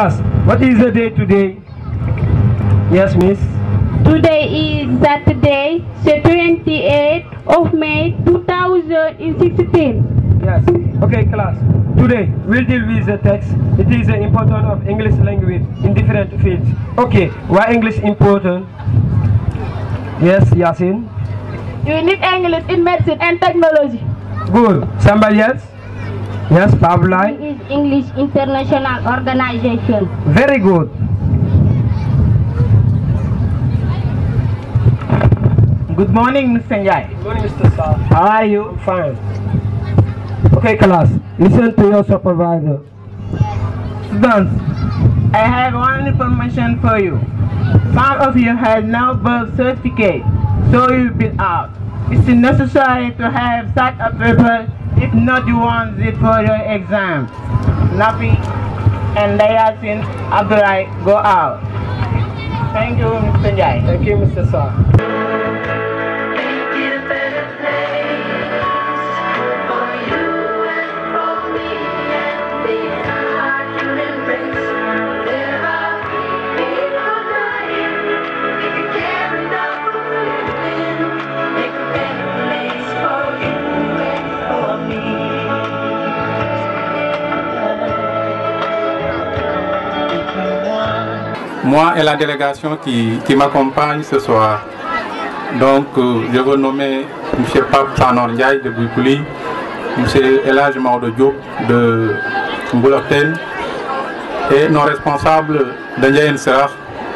class, what is the day today? Yes, miss. Today is Saturday, the 28th of May 2016. Yes. Okay, class. Today, we'll deal with the text. It is the importance of English language in different fields. Okay, why English important? Yes, Yasin? You need English in medicine and technology. Good. Somebody else? Yes, Pavlai? English International Organization. Very good. Good morning, Mr. Njai. Good morning, Mr. Sir. How are you? I'm fine. Okay, class. Listen to your supervisor. Students, I have one information for you. Some of you have no birth certificate, so you've been out. It's necessary to have such a paper if not, you want it for your exam. Nothing. and they are after I go out. Thank you, Mr. Jai. Thank you, Mr. Sir. moi et la délégation qui, qui m'accompagne ce soir. Donc, euh, je veux nommer M. Pape Sanor Ndiaye de Bouikouli, M. Elage Maodo de Mboulokten et nos responsables d'Andiayen Serach,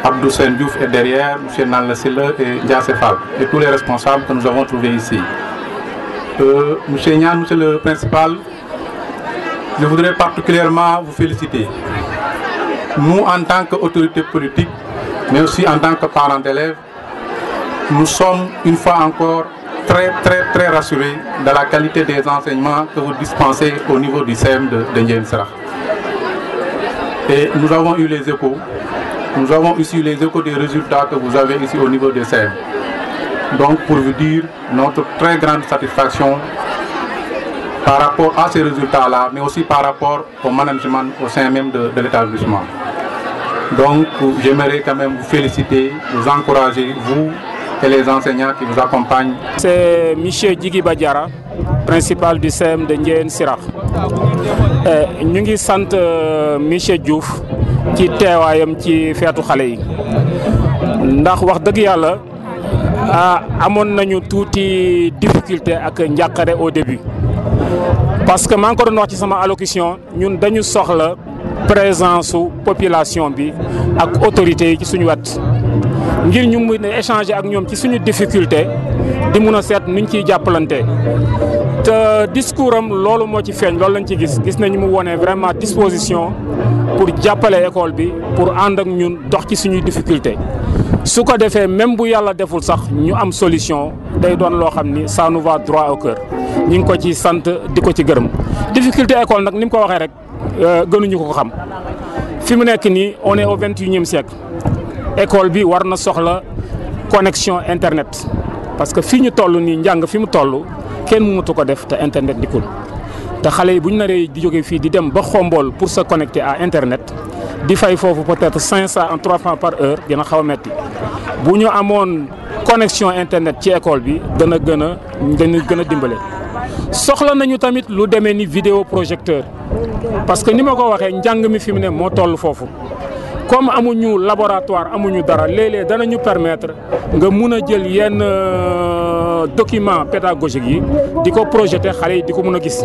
Abdou Senjouf est derrière, M. Nal Sille et Diasefal, et tous les responsables que nous avons trouvés ici. Euh, M. Nyan, M. le principal, je voudrais particulièrement vous féliciter nous, en tant qu'autorité politique, mais aussi en tant que parents d'élèves, nous sommes une fois encore très, très, très rassurés de la qualité des enseignements que vous dispensez au niveau du CEM de, de Et nous avons eu les échos. Nous avons ici les échos des résultats que vous avez ici au niveau du CEM. Donc, pour vous dire notre très grande satisfaction par rapport à ces résultats-là, mais aussi par rapport au management au sein même de l'établissement. Donc, j'aimerais quand même vous féliciter, vous encourager, vous et les enseignants qui nous accompagnent. C'est Michel Djigi Badiara, principal du CEM de Ndien Sirach. Euh, nous sommes euh, Michel Diouf, qui est ci feetu de yi ndax wax dëgg yàlla amoon nañu difficulté ak au début parce que nous avons ko wax allocution nous dañu soxla présence population bi ak autorité ci suñu wat ngir ñu mun échanger ak ñom ci suñu difficulté di mëna sét seet nuñ ciy te discours lolu mo ci feeñ lolu lañ ci gis gis nañ mu woné vraiment disposition pour jappalé école bi pour and ak ñun dox ci suñu difficulté su ko defee même bu yalla déful sax ñu am solution day doon lo xamni ça nous va droit au cœur ñing ko ci sante diko ci gërëm difficulté école nak nim ko waxé rek. Euh, gënuñu ko xam fi mu nekk nii on est au vingt e siècle école bi war na soxla connexion internet parce que fii ñu toll nii njàng fi mu toll kenn mënatu ko def te internet dikkul te xale yi bu ñu naree di jóge fii di dem ba xombool pour se connecter à internet di fay foofu peut-être cinq cent en trois francs par heure dina xaw a metti bu ñu amoon connexion internet ci école bi dana gën a dana gën a dimbale soxla nañu tamit lu demee ni vidéo projecteur parce que ni ma ko waxee njàng mi fi mu ne moo toll foofu comme amuñu laboratoire amuñu dara léeg-léeg danañu permettre nga mun a jël yenn euh, document pédagogique yi di ko projeté xale yi di ko mun a gis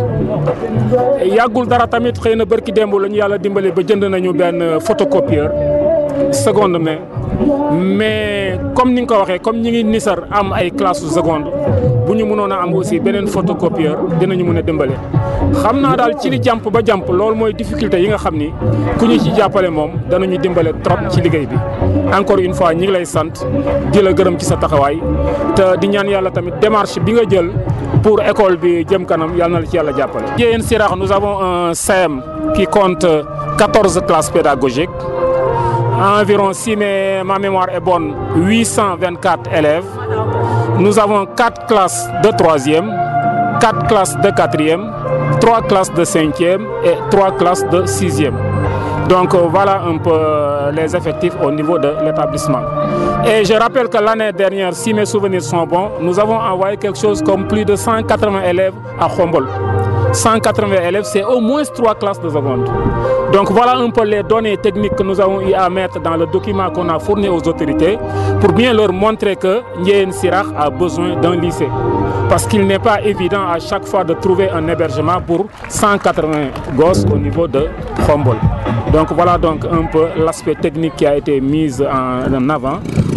yàggul dara tamit xëy na bërki démb la ñu yàlla dimbale ba jënd nañu benn photocopieur seconde mais mais comme niñ ko waxé comme ñi ngi nisar am ay classe seconde buñu mënon mënoon am aussi benen photocopieur dinañu mëna a xamna dal ci li jamp ba jamp lool moy difficulté yi nga xamni ni ku ñu ci jappalé mom danañu dimbale trop ci liggéey bi encore une fois ñi ngi lay sante di la gërëm ci sa taxaway te di ñaan yalla tamit démarche bi nga jël pour école bi jëm kanam yalla na ci yalla jappalé Dieyène Sirakh nous avons un CM qui compte 14 classes pédagogiques environ, si ma mémoire est bonne, 824 élèves. Nous avons 4 classes de 3e, 4 classes de 4e, 3 classes de 5e et 3 classes de 6e. Donc euh, voilà un peu euh, les effectifs au niveau de l'établissement. Et je rappelle que l'année dernière, si mes souvenirs sont bons, nous avons envoyé quelque chose comme plus de 180 élèves à Khombol. 180 élèves, c'est au moins trois classes de seconde. Donc voilà un peu les données techniques que nous avons eu à mettre dans le document qu'on a fourni aux autorités pour bien leur montrer que Nyen Sirach a besoin d'un lycée. Parce qu'il n'est pas évident à chaque fois de trouver un hébergement pour 180 gosses au niveau de Khombol. Donc voilà donc un peu l'aspect technique qui a été mis en avant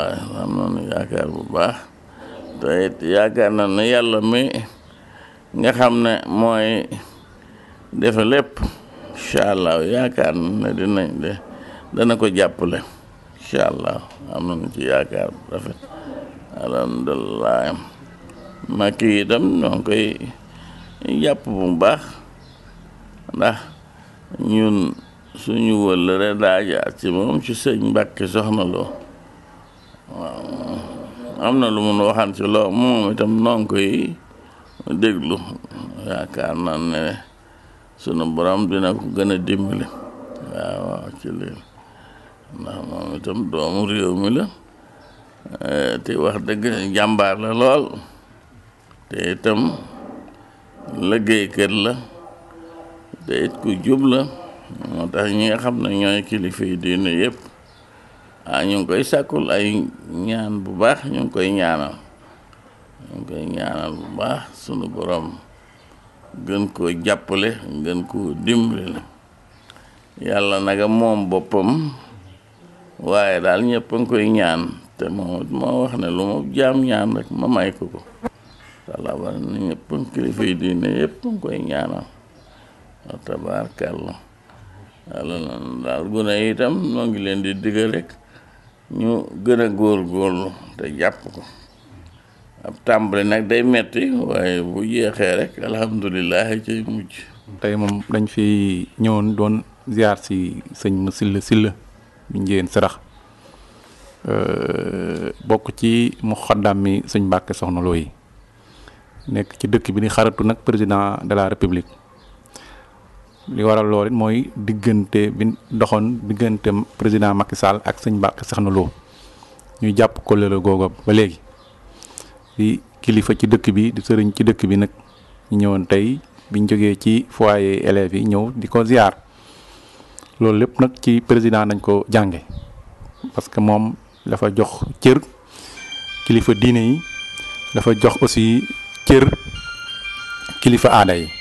waaw am nañu yaakaar bu baax te yaakaar na ne yàlla mi nga xam ne mooy defe lépp incha allah yaakaar na ne dinañ de dana ko jàppale incha allah am na nañu ci yaakaar bu rafet alhamdulilah Macky itam ñoo ngi koy jàpp bu baax ndax ñun suñu wëllëre daajaat ci moom ci sëñ Mbàkke soxna waaw am na lu mun waxaan ci loo moom itam noo ngi koy déglu yaakaar naa ne sunu borom dina ko gën a dimbali waaw waaw ci lii ndax moom itam doomu réew mi la eh, te wax dëgg jàmbaar la lool te itam liggéeykat la te it ku jub la moo tax ñi nga xam ne ñooy kilifa yi diine yëpp. ah ñu ngi koy sàkkul ay ñaan bu baax ñu ngi koy ñaanal ñu ngi koy ñaanal bu baax sunu borom gën koo jàppale gën koo dimbali yàlla naga moom boppam waaye daal ñëpp ngi koy ñaan te moom moo wax ne lu ma jaam ñaan rek ma may ko ko walla war na ngi koy ñaanal wa tabaarkàlla yàlla noonu daal gune itam noo ngi leen di digg rek ñu gën a góorgóorlu te jàpp ko ab tàmbali nag day metti waaye bu jeexee rek alhamdulilah ci mujj tey moom dañ fi ñëwoon doon ziar si sëñ ma silla silla bu njëyeen sarax bokk ci mu xaddam mi sëñ Mbàkke soxna loo yi nekk ci dëkk bi ni xaratu nag président de la république li waral loolu mooy diggante bi doxoon diggante président Macky Sall ak sëñ Mbacke Soxna Lo ñu jàpp kóllëre googu ba léegi di kilifa ci dëkk bi di sëriñ ci dëkk bi nag ñu ñëwoon tey biñ jógee ci foyer élèves yi ñëw di ko ziar loolu lépp nag ci président dañ ko jànge parce que moom dafa jox cër kilifa diine yi dafa jox aussi cër kilifa aada yi.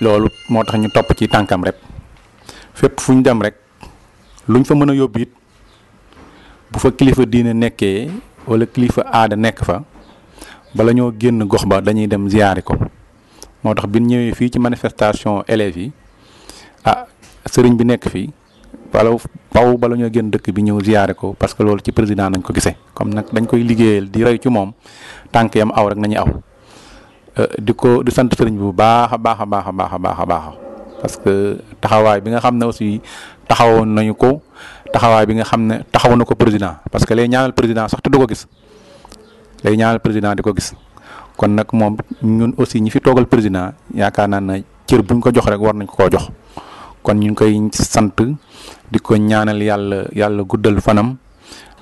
loolu moo tax ñu topp ci tànkam rek fépp fu dem rek luñ fa mën a yóbbu it bu fa kilifa diine nekkee wala kilifa aada nekk fa bala ñoo génn gox ba dañuy dem ziyaari ko moo tax bi ñëwee fii ci manifestation élèves yi ah sëriñ bi nekk fii wala paw bala ñoo génn dëkk bi ñëw ziyaare ko parce que loolu ci président nañ ko gisee comme nag dañ koy liggéeyal di rey ci moom tànk yam aw rek nañu aw Euh, di ko di sant sëriñ bi bu baax a baax a baax a baax a baax a baax parce que taxawaay bi nga xam ne aussi taxawoon nañu ko taxawaay bi nga xam ne taxaw na ko président parce que lay ñaanal président sax te du ko gis lay ñaanal président di ko gis kon nag moom ñun aussi ñi fi toogal président yaakaar naa ne cër buñ ko jox rek war nañ ko koo jox kon ñu ngi koy sant di ko ñaanal yàlla yàlla guddal fanam.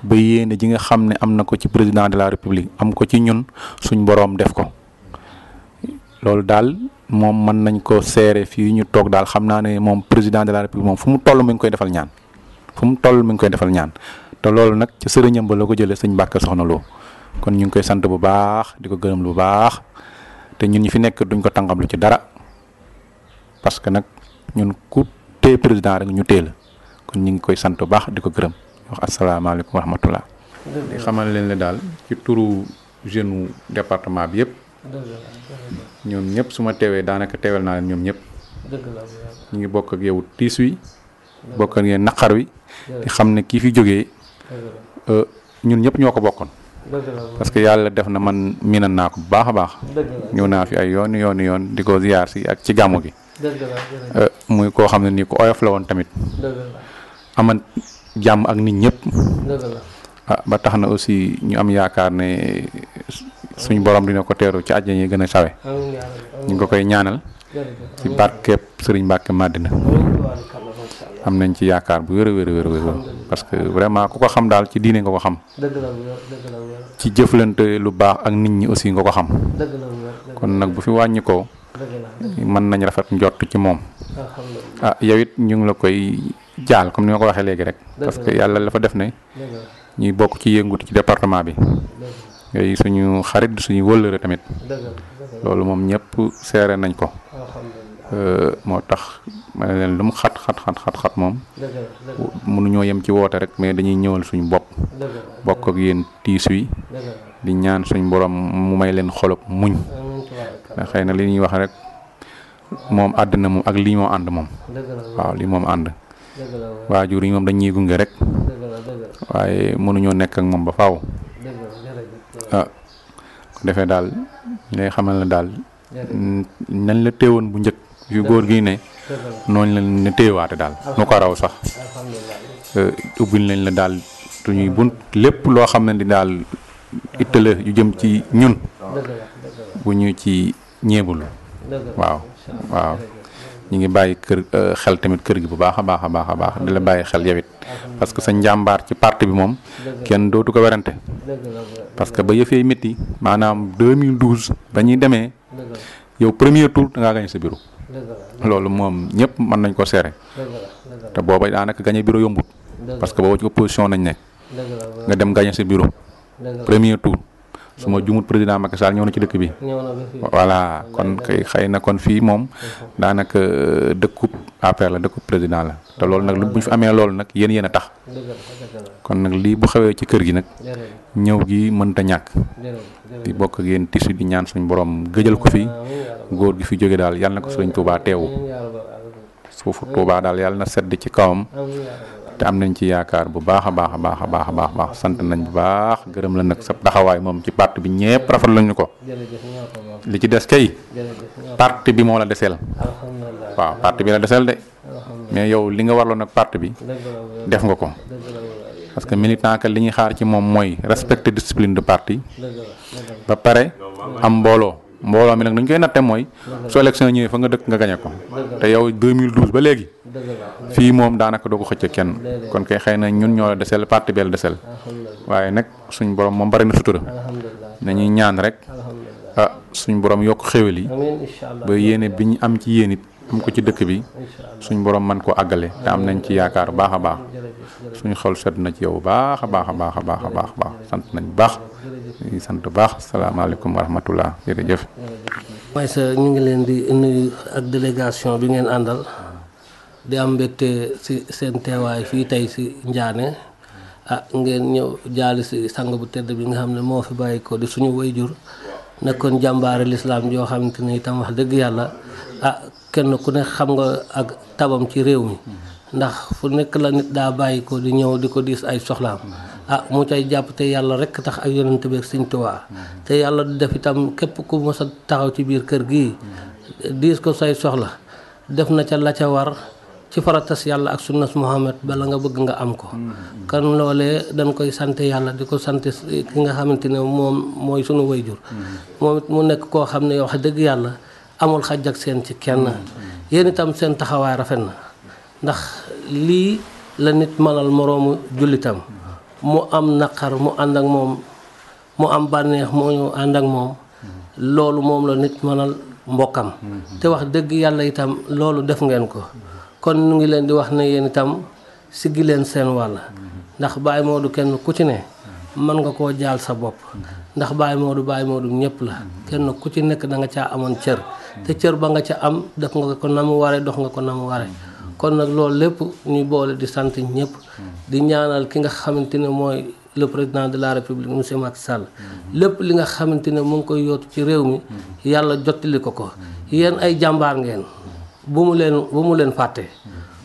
ba yéene ji nga xam ne am na ko ci président de la république am ko ci ñun suñ boroom def ko Lol dal, mom man nañ ko séré fi ñu tok dal xamna né mom président de la république mom fu mu tollu mi ngi koy defal ñaan fu mu tollu mi ngi koy defal ñaan té lolou nak ci sëriñam ba lako ko jëlee sëñ Mbàkke soxna lo kon ñu ngi koy sant bu baax diko ko lu baax té ñun ñi fi nekk duñ ko tangam lu ci dara parce que nak ñun ku té président rek ñu téel kon ñu ngi koy sant bu baax diko ko wax assalamu alaykum wa rahmatullah xamal leen le dal ci turu jeune département bi yépp ñoom ñëpp su ma teewee daanaka teewel naa leen ñoom ñëpp. ñu ngi bokk ak yow tiis wi. bokk ak naqar wi. xam ne kii fi jógee. Euh, ñun ñëpp ñoo ko bokkoon. parce que yàlla def na man miinan naa ko bu baax a baax. ñëw naa fi ay yoon yoon yoon di ko si ak ci gàmmu gi. Euh, muy koo xam ne nii ko oyof la woon tamit. aman jàmm ak nit ñëpp. Ah, ba tax na aussi ñu am yaakaar ne suñu borom dina ko teeru ci àjjana yi gën a sawe ñu ngi ko koy ñaanal ci barkeeb sëriñ Mbàkke Madina am nañ ci yaakaar bu wér a wér parce que vraiment ku ko xam daal ci diine nga ko xam ci jëflante lu baax ak nit ñi aussi nga ko xam kon nag bu fi wàññi mën nañ rafet njott ci moom ah yow it ñu ngi la koy jaal comme ni ma ko waxee léegi rek parce que yàlla dafa def ne ñuy bokk ci yëngut ci département bi ngay suñu xarit suñu wëlëre tamit loolu moom ñëpp seere nañ ko euh, moo tax ma ne lu mu xat xat xat xat xat moom mënuñoo yem ci woote rek mais dañuy ñëwal suñu bopp bokk ak yéen tiis wi di ñaan suñu borom mu may leen xolop muñ xëy na li ñuy wax rek moom àdduna moom ak li moo ànd moom waaw li moom ànd waajur yi moom dañuy gunge rek waaye mënuñoo nekk ak moom ba faaw waaw ah, ko defee daal lay xamal na daal nañ la téewoon bu njëkk yu góor gi ne noonu lañ la téewaate daal nu ko raw sax eh, ubbil nañ la daal suñuy bunt lépp loo xam ne di daal ittala yu jëm ci ñun bu ñu ci ñeebul waaw waaw ñu ngi bàyyi kër euh, xel tamit kër gi bu baax a baax a baax a baax di la bàyyi xel yow it parce que sa njàmbaar ci parti bi moom kenn dootu ko werante parce que ba yëfee métti maanaam 2012 ba ñuy demee yow premier tout da ngaa gañe sa bureau loolu moom ñëpp mën nañ ko seere te booba daa daanaka gañe bureau yombut parce que booba ci opposition nañ nekk nga dem gañe sa bureau premier tour suma ma jumut président Macky Sall ñëw na ci dëkk bi. voilà kon kay xëy na kon fii moom daanaka euh, dëkku APR la dëkkub président la te loolu nag lu bu ñu fi amee loolu nag yen yéen a tax kon nag lii bu xewee ci kër gi nag ñëw gi mënta ñàkk di bokk ak yéen tissu di ñaan suñu borom gëjal ko fi góor gi fi jóge daal yàlla na ko sëriñ Touba teewu suufu Touba daal yàlla na sedd ci kawam. te am nañ ci yaakaar bu baax a baax a baax a baax a baax baax sant nañ bu baax gërëm la nag sa taxawaay moom ci parti bi ñëpp rafet lañu ko li ci des kay parti bi moo la deseel waaw parti bi la deseel de mais yow li nga warloon ak parti bi def nga ko parce que militant ka li ñuy xaar ci moom mooy respecter discipline de parti ba pare am mbooloo mbooloo mi nag nañ koy natte mooy su élection ñëwee fa nga dëkk nga gañe ko te yow 2012 ba léegi fii moom daanaka doo ko xëcc kenn kon kay xëy na ñun ñoo la desel parti bel desel waaye nag suñ borom moom bari na sutura nañuy ñaan rek ah suñ boroom yokk xéwal yi ba yéene bi ñu am ci yéen it am ko ci dëkk bi suñ borom man ko àggale te am nañ ci yaakaar baax a baax suñ xol sedd na ci yow baax a baax a baax a baax a baax baax sant nañ baax di sant baax salaamaaleykum wa rahmatullah jërëjëf. mooy sa di am mbégte si seen teewaay fi tey si njane a ngeen ñëw jali si sang bu tedd bi nga ne fi bàyyi ko di suñu wayjur nekkoon kon jambar joo xamante ne itam wax dëgg yàlla a kenn ku ne xam nga ak tabam ci réew mi ndax fu nekk la nit da bàyyi ko di nyo di ko diis ay soxlaam a mu cay jàpp te yàlla rek tax ak yonent bi ak sëñ Tuubaa te yàlla du def itam képp ku mos a taxaw ci biir kër ko say soxla def na ca la ca war ci faratas yàlla ak sunnas Muhammad bala nga bëgg nga am ko kan loolee dañ koy sant yàlla di ko sant ki nga xamante ne moom mooy sunu wayjur moom it mu nekk koo xam ne yow wax dëgg yàlla amul xaj ak seen ci kenn yéen itam seen taxawaay rafet na ndax lii la nit mënal moroomu jullitam mu am naqar mu ànd ak moom mu am bànneex mu ñu moom loolu moom la nit mënal mbokkam mm-hmm. te wax dëgg yàlla itam loolu def ngeen ko kon ñu ngi leen di wax na yéen itam siggi leen seen wàll ndax Baye Modou kenn ku ci ne mën nga koo jaal sa bopp ndax Baye Modou Baye Modou ñëpp la kenn ku ci nekk da nga caa amoon cër te cër ba nga ca am def nga ko na mu ware dox nga ko namu ware kon nag loolu lépp ñu boole di sant ñëpp di ñaanal ki nga xamante ne mooy le président de la république monsieur Macky sàll lépp li nga xamante ne mu ngi koy yootu ci réew mi yàlla jottali ko ko yéen ay jàmbaar ngeen bu mu leen bu mu leen fàtte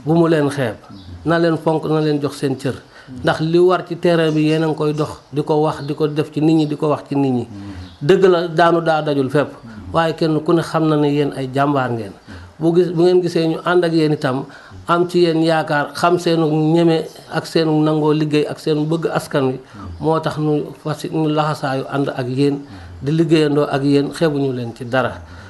bu mu leen xeeb na leen fonk na leen jox seen cër ndax li war ci terrain bi yéen a ngi koy dox di ko wax di ko def ci nit ñi di ko wax ci nit ñi dëgg la daanu daa dajul fépp waaye kenn ku ne xam na ne yéen ay jàmbaar ngeen bu gis bu ngeen gisee ñu ànd ak yéen itam am ci yéen yaakaar xam seenu ñeme ak seenu nangoo liggéey ak seen bëgg askan wi moo tax ñu fas ñu laxasaayu ànd ak yéen di liggéeyandoo ak yéen xeebuñu leen ci dara